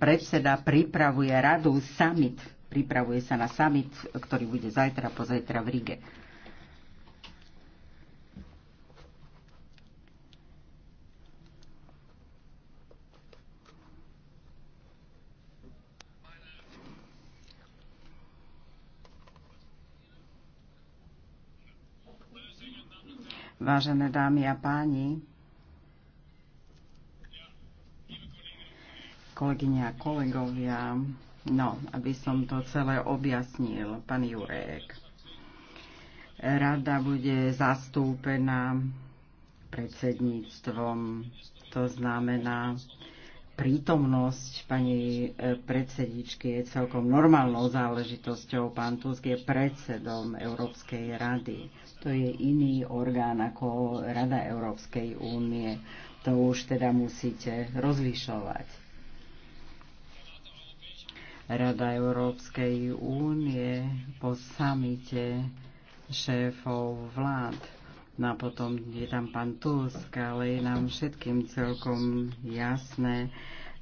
predseda pripravuje radu summit, pripravuje sa na summit, ktorý bude zajtra, pozajtra v Rige. Vážené dámy a páni, kolegyne a kolegovia. No, aby som to celé objasnil, pán Jurek. Rada bude zastúpená predsedníctvom, to znamená, prítomnosť pani e, predsedničky je celkom normálnou záležitosťou. Pán Tusk je predsedom Európskej rady. To je iný orgán ako Rada Európskej únie. To už teda musíte rozlišovať. Rada Európskej únie po samite šéfov vlád. No a potom je tam pán Tusk, ale je nám všetkým celkom jasné,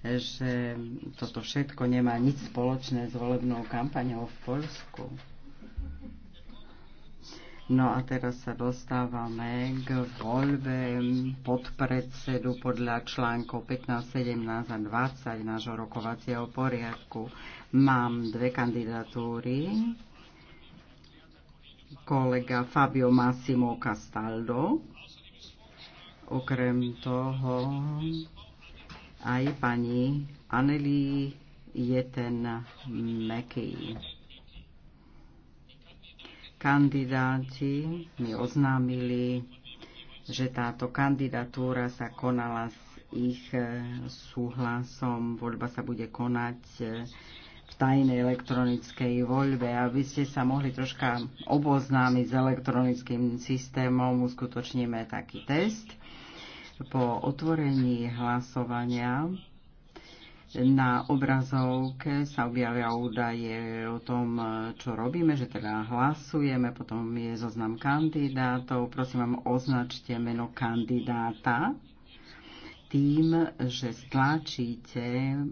že toto všetko nemá nič spoločné s volebnou kampaňou v Polsku. No a teraz sa dostávame k voľbe podpredsedu podľa článkov 15, 17 a 20 nášho rokovacieho poriadku. Mám dve kandidatúry. Kolega Fabio Massimo Castaldo. Okrem toho aj pani Anneli Jeten Mekej. Kandidáti mi oznámili, že táto kandidatúra sa konala s ich súhlasom. Voľba sa bude konať tajnej elektronickej voľbe, aby ste sa mohli troška oboznámiť s elektronickým systémom, uskutočníme taký test. Po otvorení hlasovania na obrazovke sa objavia údaje o tom, čo robíme, že teda hlasujeme, potom je zoznam kandidátov. Prosím vám, označte meno kandidáta tým, že stlačíte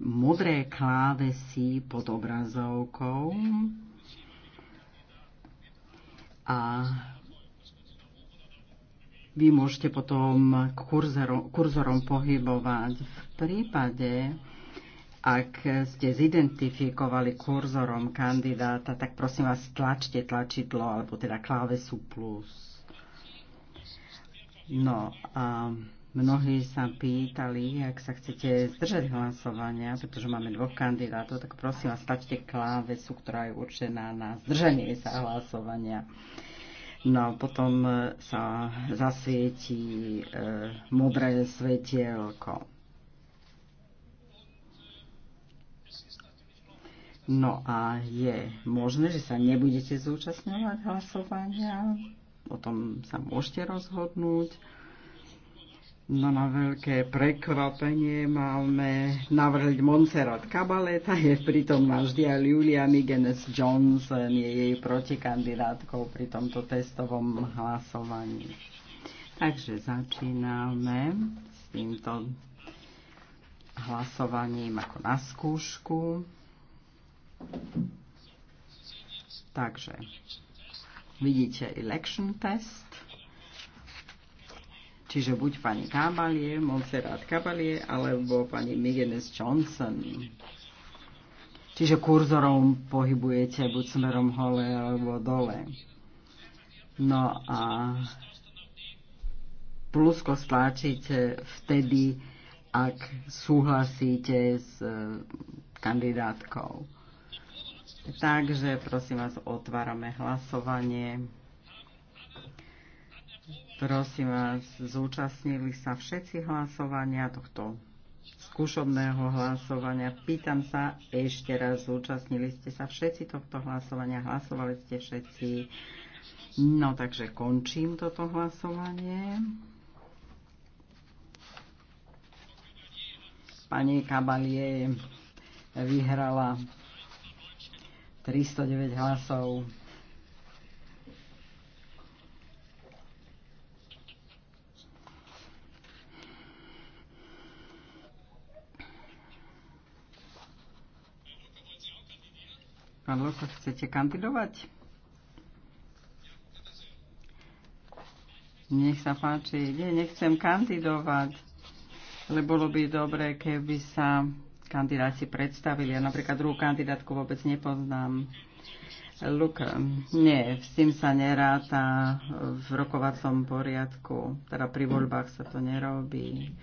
modré klávesy pod obrazovkou a vy môžete potom kurzorom, kurzorom pohybovať. V prípade, ak ste zidentifikovali kurzorom kandidáta, tak prosím vás stlačte tlačidlo alebo teda klávesu plus. No a mnohí sa pýtali, ak sa chcete zdržať hlasovania, pretože máme dvoch kandidátov, tak prosím vás, stačte klávesu, ktorá je určená na zdržanie sa hlasovania. No a potom sa zasvietí e, modré svetielko. No a je možné, že sa nebudete zúčastňovať hlasovania, o tom sa môžete rozhodnúť. No na veľké prekvapenie máme navrhliť Montserrat Kabaleta, je pritom náš a Julia Migenes Johnson je jej protikandidátkou pri tomto testovom hlasovaní. Takže začíname s týmto hlasovaním ako na skúšku. Takže Vidíte election test. Čiže buď pani Kabalie, Montserrat Kabalie, alebo pani Migenes Johnson. Čiže kurzorom pohybujete buď smerom hole alebo dole. No a plusko stlačíte vtedy, ak súhlasíte s eh, kandidátkou. Takže prosím vás, otvárame hlasovanie. Prosím vás, zúčastnili sa všetci hlasovania tohto skúšobného hlasovania. Pýtam sa ešte raz, zúčastnili ste sa všetci tohto hlasovania, hlasovali ste všetci. No takže končím toto hlasovanie. Pani Kabalie vyhrala 309 hlasov. Pán Loko, chcete kandidovať? Nech sa páči. Nie, nechcem kandidovať, lebo bolo by dobre, keby sa kandidáti predstavili. Ja napríklad druhú kandidátku vôbec nepoznám. Luka. nie, s tým sa neráta v rokovacom poriadku, teda pri voľbách sa to nerobí.